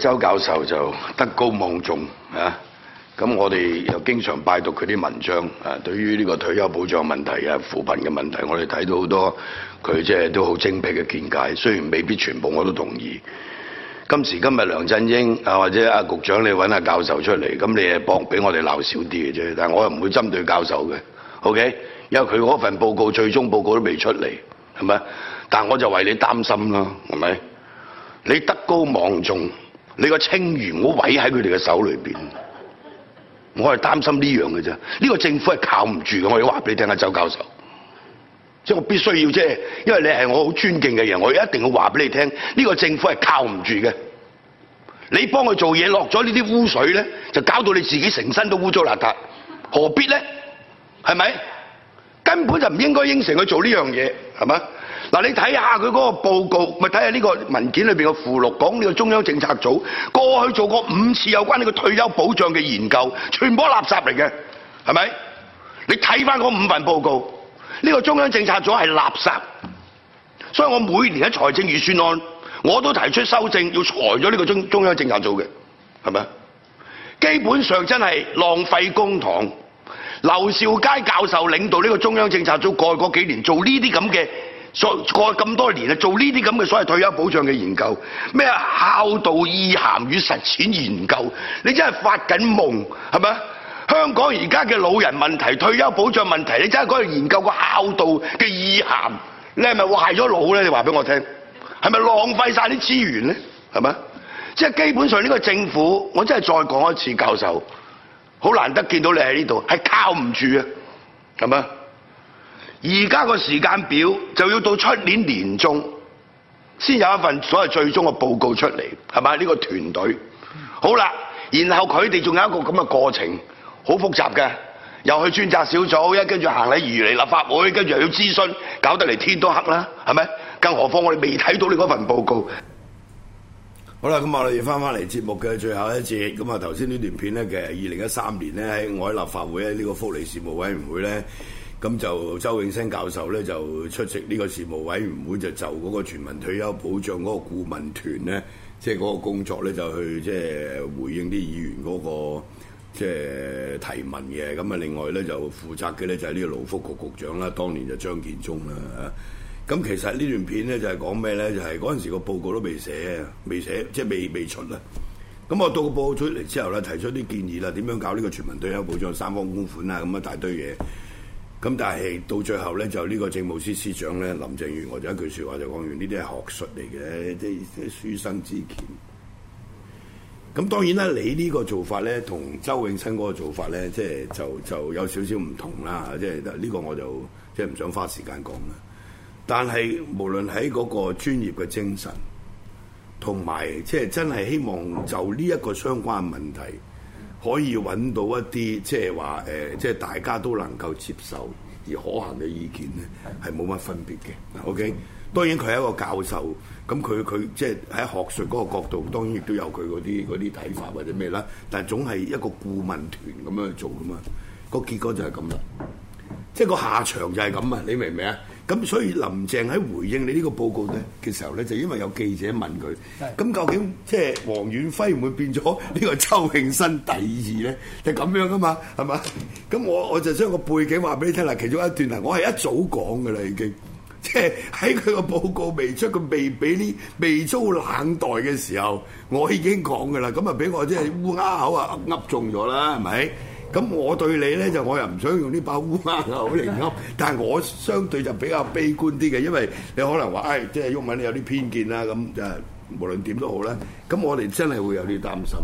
周教授就德高望重啊！咁我哋又經常拜讀佢啲文章啊，對於呢個退休保障問題啊、扶貧嘅問題，我哋睇到好多佢即係都好精闢嘅見解。雖然未必全部我都同意。今時今日，梁振英啊，或者阿局長，你揾阿教授出嚟，咁你係搏俾我哋鬧少啲嘅啫。但係我又唔會針對教授嘅，OK？因為佢嗰份報告最終報告都未出嚟，係咪？但係我就為你擔心啦，係咪？你德高望重。你個清譽，我毀喺佢哋嘅手裏邊，我係擔心呢樣嘅啫。呢個政府係靠唔住嘅，我要話俾你聽啊，周教授。即係我必須要即係，因為你係我好尊敬嘅人，我一定要話俾你聽，呢個政府係靠唔住嘅。你幫佢做嘢落咗呢啲污水咧，就搞到你自己成身都污糟邋遢，何必咧？係咪？根本就唔應該應承佢做呢樣嘢，係咪？嗱，你睇下佢嗰個報告，咪睇下呢個文件裏邊嘅附錄，講呢個中央政策組過去做過五次有關呢個退休保障嘅研究，全部垃圾嚟嘅，係咪？你睇翻嗰五份報告，呢個中央政策組係垃圾，所以我每年喺財政預算案我都提出修正，要裁咗呢個中中央政策組嘅，係咪？基本上真係浪費公帑。劉兆佳教授領導呢個中央政策組過去幾年做呢啲咁嘅。所過咁多年啊，做呢啲咁嘅所謂退休保障嘅研究，咩孝道意涵與實踐研究，你真係發緊夢，係咪？香港而家嘅老人問題、退休保障問題，你真係度研究個孝道嘅意涵，你係咪壞咗腦咧？你話俾我聽，係咪浪費晒啲資源咧？係咪？即係基本上呢個政府，我真係再講一次，教授好難得見到你喺呢度，係靠唔住啊，係咪？而家個時間表就要到出年年中先有一份所謂最終嘅報告出嚟，係咪呢個團隊？好啦，然後佢哋仲有一個咁嘅過程，好複雜嘅，又去專責小組，一跟住行嚟如嚟立法會，跟住又要諮詢，搞得嚟天都黑啦，係咪？更何況我哋未睇到你嗰份報告。好啦，咁我哋翻翻嚟節目嘅最後一節，咁啊頭先呢段片咧，其實二零一三年咧，喺我喺立法會咧，呢個福利事務委員會咧。咁就周永生教授咧就出席呢個事務委員會，就就嗰個全民退休保障嗰個顧問團咧，即係嗰個工作咧就去即係回應啲議員嗰個即係提問嘅。咁啊，另外咧就負責嘅咧就係呢個勞福局局長啦，當年就張建宗啦。咁其實呢段片咧就係講咩咧？就係嗰陣時個報告都未寫，啊，未寫即係未未出啊，咁我到個報告出嚟之後咧，提出啲建議啦，點樣搞呢個全民退休保障三方供款啊？咁一大堆嘢。咁但係到最後咧，就呢個政務司司長咧，林鄭月娥就一句說話就講完，呢啲係學術嚟嘅，即係即係書生之見。咁當然啦，你呢個做法咧，同周永新嗰個做法咧，即係就就有少少唔同啦。即係呢個我就即係唔想花時間講啦。但係無論喺嗰個專業嘅精神，同埋即係真係希望就呢一個相關嘅問題。可以揾到一啲即係話誒，即係大家都能夠接受而可行嘅意見咧，係冇乜分別嘅。OK，當然佢係一個教授，咁佢佢即係喺學術嗰個角度，當然亦都有佢嗰啲啲睇法或者咩啦。但係總係一個顧問團咁樣去做噶嘛，個結果就係咁啦。即係個下場就係咁啊！你明唔明啊？咁所以林鄭喺回應你呢個報告咧嘅時候咧，就因為有記者問佢，咁究竟即係黃遠輝唔會變咗呢個周慶新第二咧？就咁樣噶嘛，係嘛？咁我我就將個背景話俾你聽啦，其中一段係我係一早講噶啦，已經即係喺佢個報告未出，佢未俾呢未遭冷待嘅時候，我已經講噶啦，咁啊俾我即係烏鴉口啊噏中咗啦，係咪？咁我對你咧就、嗯、我又唔想用呢把烏蠻好嚟噏， 但係我相對就比較悲觀啲嘅，因為你可能話唉，即係毓民你有啲偏見啦咁，就無論點都好啦。咁我哋真係會有啲擔心，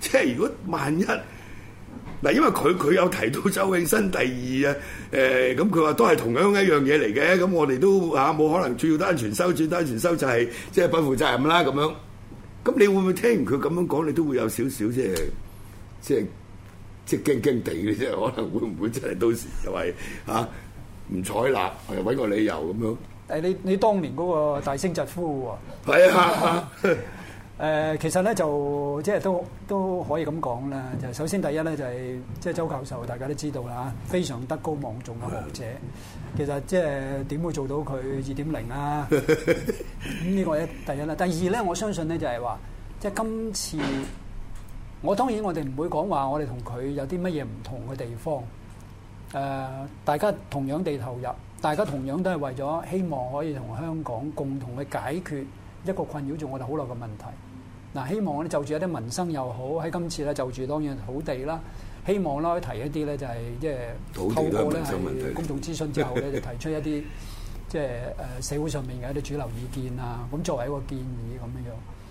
即係如果萬一嗱，因為佢佢有提到周永新第二啊，誒咁佢話都係同樣一樣嘢嚟嘅。咁我哋都嚇冇、啊、可能照單全收，照單全收就係即係不負責任啦咁樣。咁你會唔會聽完佢咁樣講，你都會有少少即係即係？即係驚驚地嘅啫，可能會唔會真係到時又係啊唔採納，又揾個理由咁樣？誒，你你當年嗰個大聲疾呼喎，係啊！誒，其實咧就即係都都可以咁講啦。就首先第一咧就係即係周教授，大家都知道啦，非常德高望重嘅學者。其實即係點會做到佢二點零啊？咁呢個一第一啦，第二咧，我相信咧就係話即係今次。我當然我哋唔會講話，我哋同佢有啲乜嘢唔同嘅地方。呃，大家同樣地投入，大家同樣都係為咗希望可以同香港共同去解決一個困擾住我哋好耐嘅問題。嗱，呃，希望咧就住一啲民生又好，喺今次咧就住當然土地啦，希望啦提一啲咧就係即係透過咧係公眾諮詢之後咧，就提出一啲即係呃社會上面嘅一啲主流意見啊。咁作為一個建議咁樣樣。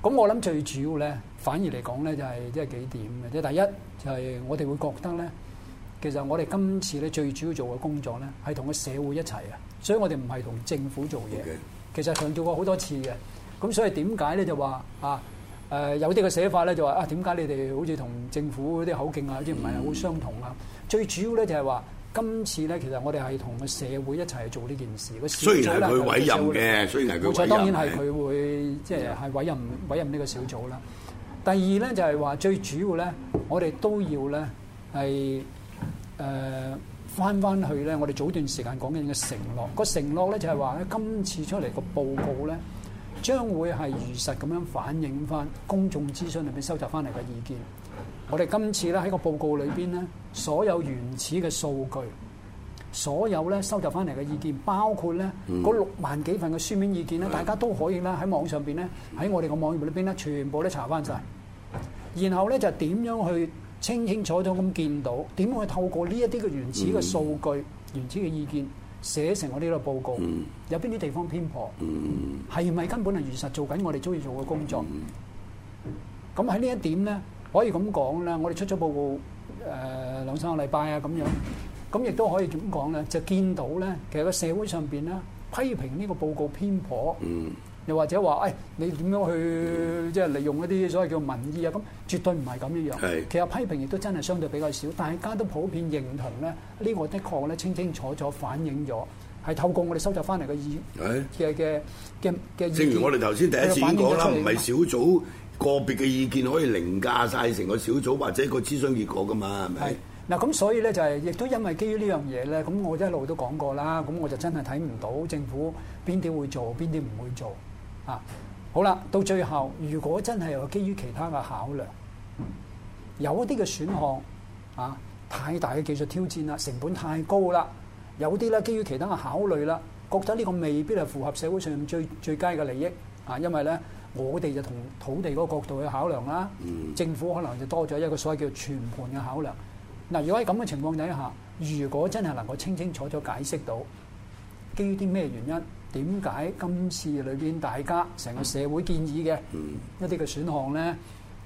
咁我諗最主要咧，反而嚟講咧就係即係幾點嘅，即係第一就係、是、我哋會覺得咧，其實我哋今次咧最主要做嘅工作咧，係同個社會一齊嘅，所以我哋唔係同政府做嘢。Okay. 其實強調過好多次嘅，咁所以點解咧就話啊？誒有啲嘅寫法咧就話啊，點解你哋好似同政府啲口徑啊，即係唔係好相同啊、嗯？最主要咧就係話。今次咧，其實我哋係同個社會一齊去做呢件事個小組咧，委任嘅，冇錯，當然係佢會，即係係委任委任呢個小組啦。第二咧，就係、是、話最主要咧，我哋都要咧係誒翻翻去咧，我哋早段時間講緊嘅承諾、嗰個承諾咧，就係話咧今次出嚟個報告咧。將會係如實咁樣反映翻公眾諮詢裏邊收集翻嚟嘅意見。我哋今次咧喺個報告裏邊咧，所有原始嘅數據，所有咧收集翻嚟嘅意見，包括咧嗰六萬幾份嘅書面意見咧，大家都可以咧喺網上邊咧喺我哋個網頁裏邊咧，全部都查翻晒。然後咧就點樣去清清楚楚咁見到？點樣去透過呢一啲嘅原始嘅數據、原始嘅意見？寫成我呢個報告，嗯、有邊啲地方偏頗，係、嗯、咪、嗯、根本係如實做緊我哋中意做嘅工作？咁喺呢一點咧，可以咁講咧，我哋出咗報告誒、呃、兩三個禮拜啊，咁樣，咁亦都可以點講咧？就見到咧，其實個社會上邊咧批評呢個報告偏頗。嗯又或者話，誒你點樣去即係利用一啲所謂叫民意啊？咁絕對唔係咁樣樣。係其實批評亦都真係相對比較少，大家都普遍認同咧。呢個的確咧清清楚楚反映咗，係透過我哋收集翻嚟嘅意嘅嘅嘅嘅意見。正如我哋頭先第一次講啦，唔係小組個別嘅意見可以凌駕曬成個小組或者個諮詢結果噶嘛，係咪？嗱咁所以咧就係亦都因為基於呢樣嘢咧，咁我一路都講過啦。咁我就真係睇唔到政府邊啲會做，邊啲唔會做。啊，好啦，到最後，如果真係有基於其他嘅考量，有一啲嘅選項啊，太大嘅技術挑戰啦，成本太高啦，有啲咧基於其他嘅考慮啦，覺得呢個未必係符合社會上最最佳嘅利益啊，因為咧我哋就同土地嗰個角度去考量啦，政府可能就多咗一個所謂叫全盤嘅考量。嗱，啊，如果喺咁嘅情況底下，如果真係能夠清清楚楚解釋到，基於啲咩原因？點解今次裏邊大家成個社會建議嘅一啲嘅選項咧，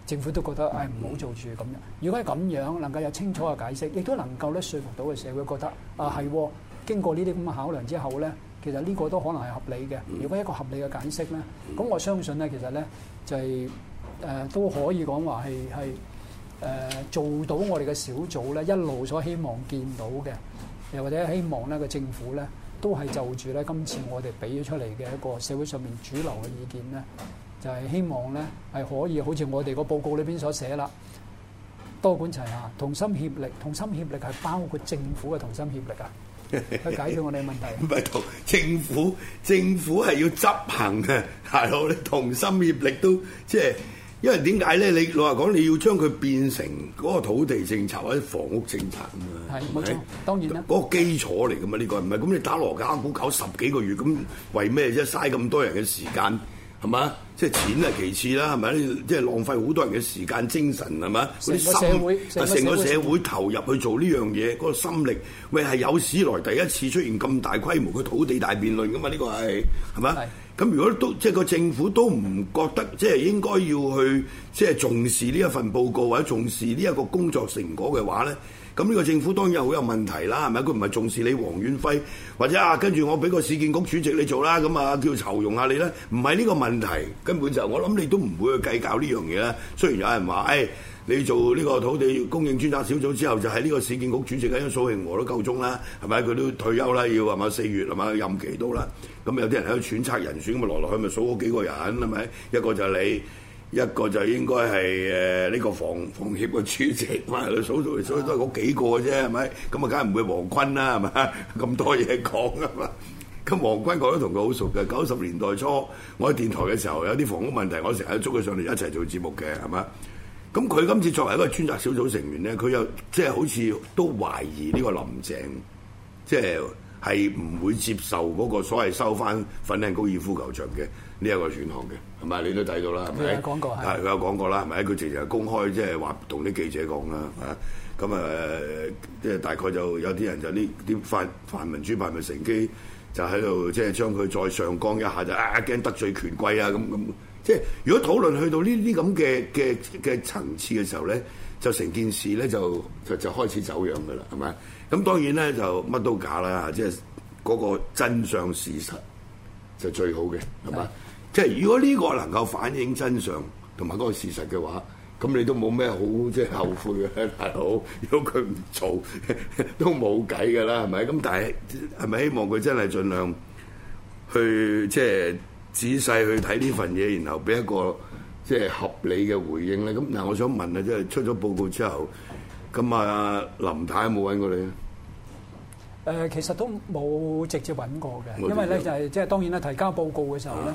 政府都覺得誒唔好做住咁樣。如果係咁樣，能夠有清楚嘅解釋，亦都能夠咧説服到嘅社會覺得啊係經過呢啲咁嘅考量之後咧，其實呢個都可能係合理嘅。如果一個合理嘅解釋咧，咁我相信咧，其實咧就係、是、誒、呃、都可以講話係係誒做到我哋嘅小組咧一路所希望見到嘅，又或者希望咧個政府咧。都係就住咧，今次我哋俾咗出嚟嘅一個社會上面主流嘅意見咧，就係希望咧係可以好似我哋個報告裏邊所寫啦，多管齊下，同心協力，同心協力係包括政府嘅同心協力啊，去解決我哋嘅問題。唔係同政府，政府係要執行嘅，大佬，同心協力都即係。因為點解咧？你老實講，你要將佢變成嗰個土地政策或者房屋政策啊嘛，係冇錯，當然啦。嗰個基礎嚟噶嘛，呢個唔係咁你打鑼家鼓搞十幾個月，咁為咩啫？嘥咁多人嘅時間。係嘛？即係錢係其次啦，係咪？即係浪費好多人嘅時間、精神，係嘛？嗰啲心啊，成個，成個社會投入去做呢樣嘢，嗰、嗰個心力，咪係有史來第一次出現咁大規模嘅土地大辯論㗎嘛？呢個係係嘛？咁如果都即係個政府都唔覺得即係應該要去即係重視呢一份報告，或者重視呢一個工作成果嘅話咧？咁呢個政府當然好有問題啦，係咪？佢唔係重視你黃遠輝，或者啊，跟住我俾個市建局主席你做啦，咁啊叫酬庸下你咧？唔係呢個問題，根本就是、我諗你都唔會去計較呢樣嘢啦。雖然有人話，誒、哎，你做呢個土地供應專責小組之後，就喺、是、呢個市建局主席蘇慶和都夠鐘啦，係咪？佢都退休啦，要係咪四月係嘛任期都啦。咁有啲人喺度揣測人選，咁咪來來去去數嗰幾個人，係咪？一個就係你。一個就應該係誒呢個房房協嘅主席嘛，所以所以都係嗰幾個啫，係咪？咁啊，梗係唔會黃坤啦、啊，係咪？咁多嘢講啊嘛。咁黃坤我都同佢好熟嘅，九十年代初我喺電台嘅時候有啲房屋問題，我成日捉佢上嚟一齊做節目嘅，係咪？咁佢今次作為一個專責小組成員咧，佢又即係好似都懷疑呢個林鄭，即係係唔會接受嗰個所謂收翻粉嶺高爾夫球場嘅呢一個選項嘅。唔係你都睇到啦，係咪？係佢有講過啦，係咪？佢直情公開即係話同啲記者講啦，啊咁啊，即係、呃、大概就有啲人就呢啲泛民主派咪乘機就喺度即係將佢再上綱一下，就啊驚得罪權貴啊咁咁。即係如果討論去到呢啲咁嘅嘅嘅層次嘅時候咧，就成件事咧就就就開始走樣噶啦，係咪？咁當然咧就乜都假啦，即係嗰個真相事實就最好嘅，係咪？即係如果呢個能夠反映真相同埋嗰個事實嘅話，咁你都冇咩好即係後悔嘅，大佬。如果佢唔做都冇計㗎啦，係咪？咁但係係咪希望佢真係盡量去即係仔細去睇呢份嘢，然後俾一個即係合理嘅回應咧？咁嗱，我想問啊，即係出咗報告之後，咁啊林太有冇揾過你啊？誒，其實都冇直接揾過嘅，因為咧就係即係當然啦，提交報告嘅時候咧。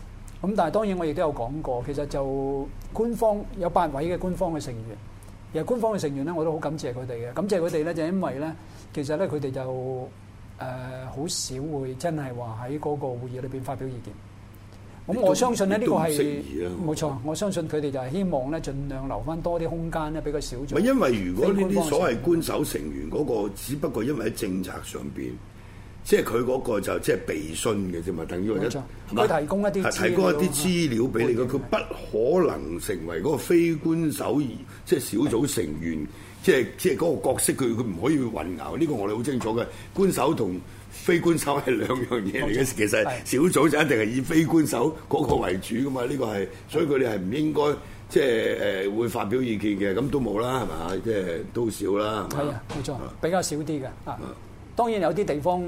咁但係當然我亦都有講過，其實就官方有八位嘅官方嘅成員，其實官方嘅成員咧我都好感謝佢哋嘅，感謝佢哋咧就因為咧，其實咧佢哋就誒好、呃、少會真係話喺嗰個會議裏邊發表意見。咁我相信咧呢個係冇錯，我相信佢哋就係希望咧盡量留翻多啲空間咧俾個小組因為如果呢啲所謂官守成員嗰、嗰個，只不過因為喺政策上邊。嗯即係佢嗰個就即係備信嘅啫嘛，等於或者佢提供一啲，提供一啲資料俾你嘅。佢、嗯、不可能成為嗰個非官守，即、嗯、係、即係、小組成員，即係即係嗰個角色。佢佢唔可以混淆呢、呢個，我哋好清楚嘅。官守同非官守係兩樣嘢嚟嘅，其實小組就一定係以非官守嗰個為主噶嘛。呢、呢個係所以佢哋係唔應該即係誒會發表意見嘅。咁都冇啦，係咪？即、就、係、係、都少啦。係啊，冇錯，比較少啲嘅啊。當然有啲地方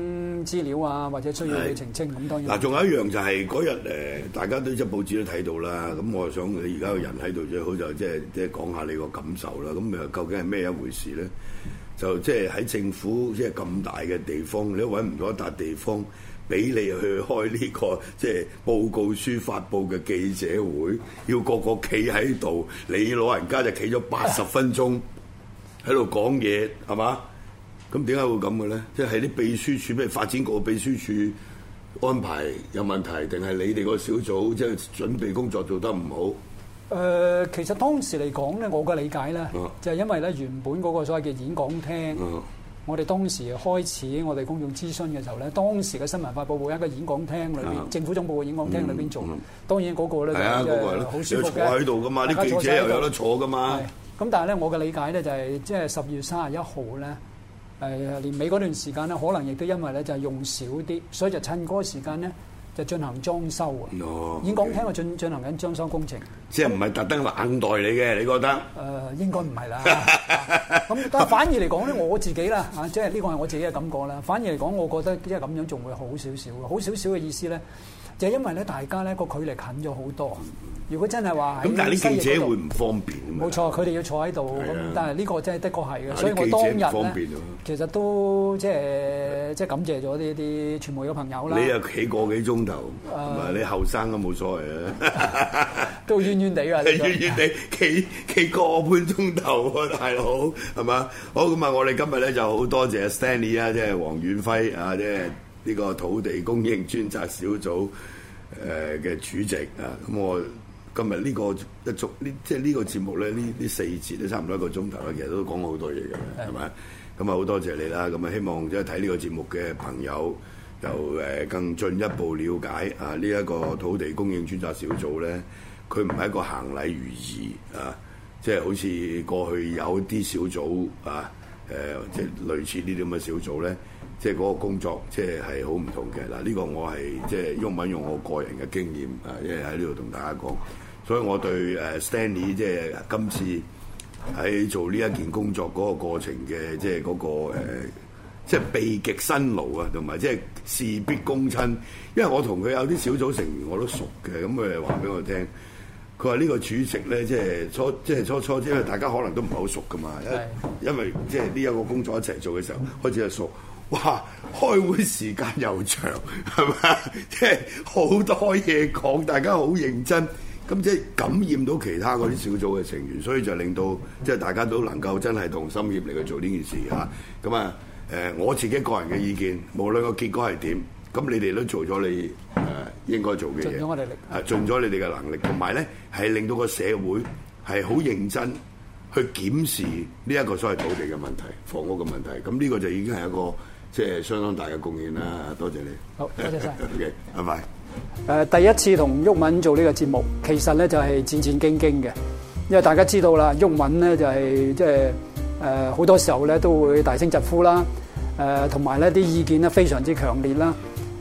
資料啊，或者需要去澄清咁。當然嗱，仲有一樣就係嗰日大家都一報紙都睇到啦。咁我想你而家個人喺度最好就即係即係講下你個感受啦。咁究竟係咩一回事咧？就即係喺政府即係咁大嘅地方，你揾唔到一笪地方俾你去開呢個即係報告書發布嘅記者會，要個個企喺度，你老人家就企咗八十分鐘喺度講嘢，係 嘛？咁點解會咁嘅咧？即係啲秘書處，咩發發展局秘書處安排有問題，定係你哋個小組即係準備工作做得唔好、呃？其實當時嚟講咧，我嘅理解咧，啊、就係因為咧原本嗰個所謂嘅演講廳，啊、我哋當時開始我哋公眾諮詢嘅時候咧，當時嘅新聞發佈部喺個演講廳裏邊，啊、政府總部嘅演講廳裏邊做。啊、嗯嗯當然嗰個咧，啊那個、就係好舒服喺度㗎嘛，啲記者又有得坐㗎嘛。咁但係咧，我嘅理解咧就係即係十月三十一號咧。誒年尾嗰段時間咧，可能亦都因為咧就係、用少啲，所以就趁嗰個時間咧就進行裝修啊。演講廳而家進行緊裝修工程，okay. 嗯、即係唔係特登冷待你嘅？你覺得誒、呃、應該唔係啦。咁、 啊、但係反而嚟講咧， 我自己啦嚇，即係呢個係我自己嘅感覺啦。反而嚟講，我覺得即係咁樣仲會好少少好少少嘅意思咧，就係、因為咧大家咧個距離近咗好多。如果真係話喺咁，但係啲記者會唔方便嘅嘛？冇錯，佢哋要坐喺度。係啊，但係呢個真係的確係嘅，所以我當日咧，其實都即係即係感謝咗呢啲傳媒嘅朋友啦。你又企個幾鐘頭？同埋你後生咁冇所謂嘅，都冤冤地㗎，你冤冤地企企個半鐘頭喎，大佬係嘛？好咁啊！我哋今日咧就好多謝 Stanley 啊，即係黃遠輝啊，即係呢個土地供應專責小組誒嘅主席啊。咁我今日呢、呢個一組呢，即係呢個節目咧，呢呢四節都差唔多一個鐘頭啦，其實都講好多嘢嘅，係咪？咁啊好多謝你啦！咁啊希望即係睇呢個節目嘅朋友，就誒更進一步了解啊呢一個土地供應專責小組咧，佢唔係一個行禮如儀啊，就是、啊，即係好似過去有啲小組啊，誒即係類似呢啲咁嘅小組咧。即係嗰個工作，即係係好唔同嘅嗱。呢個我係即係用文用我個人嘅經驗啊，即係喺呢度同大家講。所以我對誒 Stanley 即係今次喺做呢一件工作嗰個過程嘅，即係嗰個即係備極辛勞啊，同埋即係事必躬親。因為我同佢有啲小組成員我都熟嘅，咁佢話俾我聽，佢話呢個主席咧，即係初即係初初，因為大家可能都唔係好熟噶嘛，因為即係呢一個工作一齊做嘅時候開始係熟。哇！開會時間又長，係嘛？即係好多嘢講，大家好認真，咁即係感染到其他嗰啲小組嘅成員，所以就令到即係、就是、大家都能夠真係同心協力去做呢件事嚇。咁啊，誒、啊、我自己個人嘅意見，無論個結果係點，咁你哋都做咗你誒、啊、應該做嘅嘢，盡咗我哋力，誒、啊、盡咗你哋嘅能力，同埋咧係令到個社會係好認真去檢視呢一個所謂土地嘅問題、房屋嘅問題。咁呢個就已經係一個。即係相當大嘅貢獻啦，多謝你。好，多謝晒、哎、OK，拜拜。誒、呃，第一次同毓民做呢個節目，其實咧就係、是、戰戰兢兢嘅，因為大家知道啦，毓民咧就係即係誒好多時候咧都會大聲疾呼啦，誒同埋咧啲意見咧非常之強烈啦。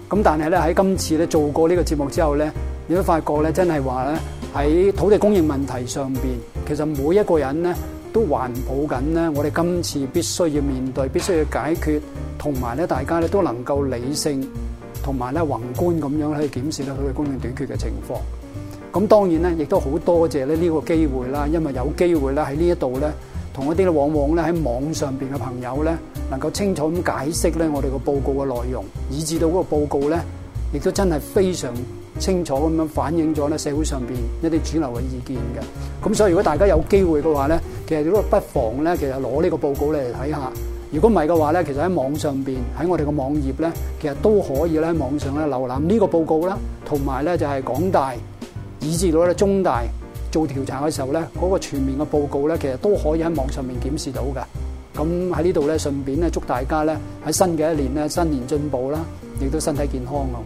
咁但係咧喺今次咧做過呢個節目之後咧，你都發覺咧真係話咧喺土地供應問題上邊，其實每一個人咧。都環保緊呢，我哋今次必須要面對，必須要解決，同埋咧，大家咧都能夠理性，同埋咧宏觀咁樣去檢視到佢嘅供應短缺嘅情況。咁當然咧，亦都好多謝呢個機會啦，因為有機會啦喺呢一度咧，同一啲咧往往咧喺網上面嘅朋友咧，能夠清楚咁解釋咧我哋個報告嘅內容，以至到嗰個報告咧，亦都真係非常清楚咁樣反映咗咧社會上面一啲主流嘅意見嘅。咁所以如果大家有機會嘅話咧，其實不拿這看看如果不妨咧，其實攞呢個報告嚟睇下。如果唔係嘅話咧，其實喺網上邊，喺我哋個網頁咧，其實都可以咧喺網上咧瀏覽呢個報告啦。同埋咧就係港大以至到咧中大做調查嘅時候咧，嗰、嗰個全面嘅報告咧，其實都可以喺網上面檢視到嘅。咁喺呢度咧，順便咧祝大家咧喺新嘅一年咧新年進步啦，亦都身體健康哦。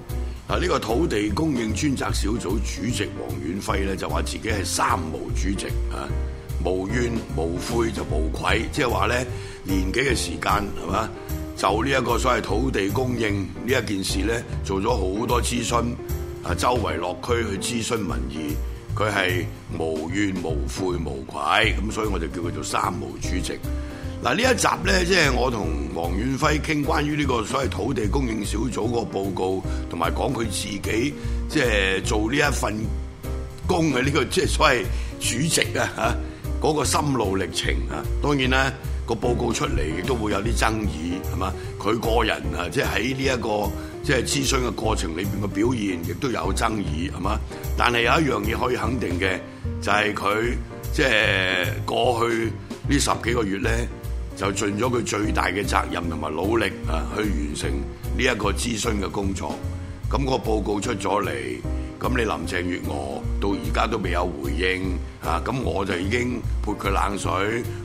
嗱，呢個土地供應專責小組主席黃遠輝咧就話自己係三無主席啊。無怨無悔就無愧，即係話咧，年紀嘅時間係嘛？就呢一個所謂土地供應呢一件事咧，做咗好多諮詢啊，周圍落區去諮詢民意，佢係無怨無悔無愧，咁所以我就叫佢做三無主席。嗱，呢一集咧，即係我同黃遠輝傾關於呢個所謂土地供應小組個報告，同埋講佢自己即係做呢一份工嘅呢、呢個即係所謂主席啊吓。嗰個心路歷程啊，當然啦，個報告出嚟亦都會有啲爭議，係嘛？佢個人啊，即係喺呢一個即係諮詢嘅過程裏邊嘅表現，亦都有爭議，係嘛？但係有一樣嘢可以肯定嘅，就係佢即係過去呢十幾個月咧，就盡咗佢最大嘅責任同埋努力啊，去完成呢一個諮詢嘅工作。咁個報告出咗嚟。咁你林鄭月娥到而家都未有回應，啊！咁我就已經潑佢冷水，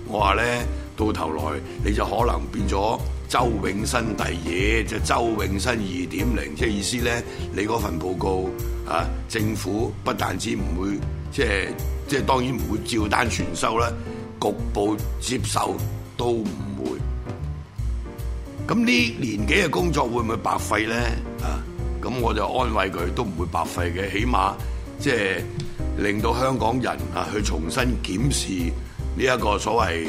我話咧，到頭來你就可能變咗周永新第二，即係周永新二點零，即係意思咧，你嗰份報告啊，政府不但止唔會即係即係當然唔會照單全收啦，局部接受都唔會。咁呢年紀嘅工作會唔會白費咧？啊！咁我就安慰佢，都唔會白費嘅，起碼即係令到香港人啊去重新檢視呢一個所謂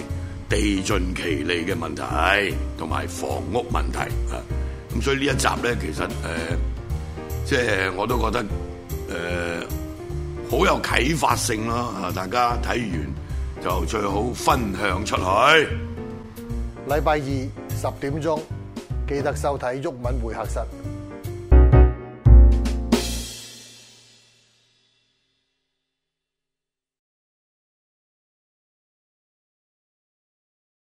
地盡其利嘅問題同埋房屋問題啊。咁所以呢一集咧，其實即係、呃就是、我都覺得好、呃、有啟發性囉。大家睇完就最好分享出去。禮拜二十點鐘記得收睇《毓民會客室》。